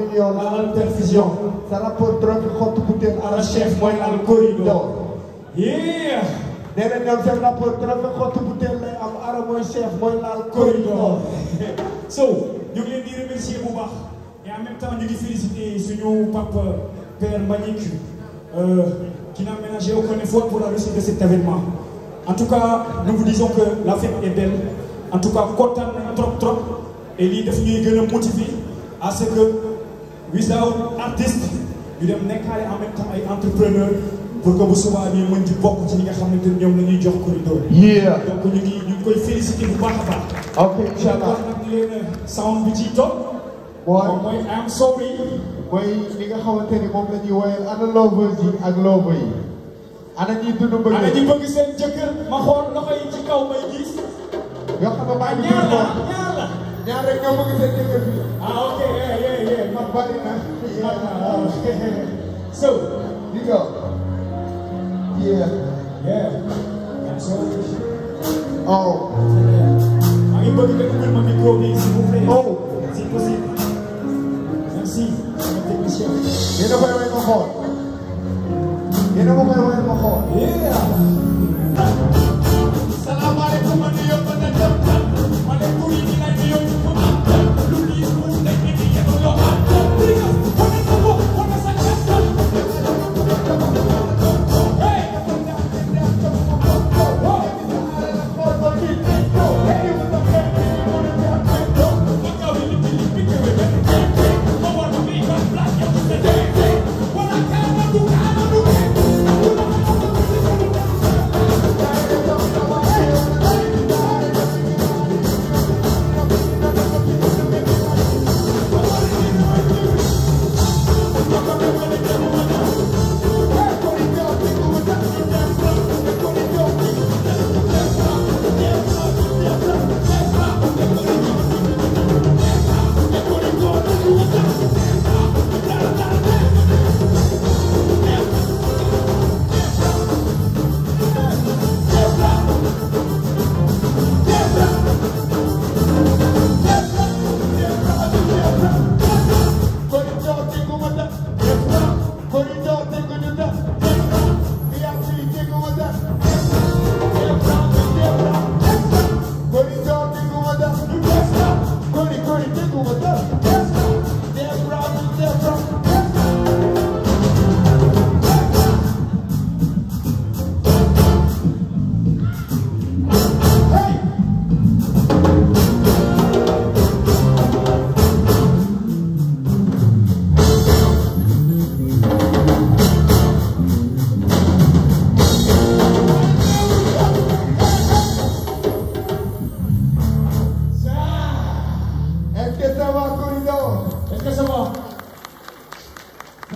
millions alal ça rapporte rapport trophée xottu à alal chef dans le corridor yeah nee na ça seen rapport trophée xottu butéel lay am ara mooy chef mooy laal corridor so nous ngi remercier bu et en même temps nous ngi féliciter suñu papa père Mbagnick euh, qui n'a ménagé aucun effort pour la réussite de cet événement en tout cas nous vous disons que la fête est belle en tout cas content trop trop et lii daf ñuy gën a motiver à ce que without artiste ñu dem nekkaale en même temps ay entrepreneur pour que bu subaa nii mën di bokk ci ñi nga xamante ne ñoom la ñuy jox corridor yi. donc ñu ngi ñu ngi koy félicité bu baax a baax. ok incha allah sound bi ciy topp. waaw mooy I am sorry. mooy li nga xamante ni moom la ñuy woyal ana lovers yi ak lover yi. ana ñuy dund bëgg. ana ñi bëgg seen jëkkër ma xool loxo ci kaw may gis. nga xam ne maa ngi ñaar Nyare kama kisekete pia. Ah, okay, yeah, yeah, yeah. My body now. Yeah. So, you go. Yeah. Yeah. That's all. Oh. Alguém pode ver como irmão me come se Oh. Se possível. Assim, não tem não vai mais no rosto.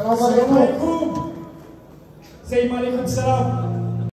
Assalamualaikum. Saya Malikum Salam.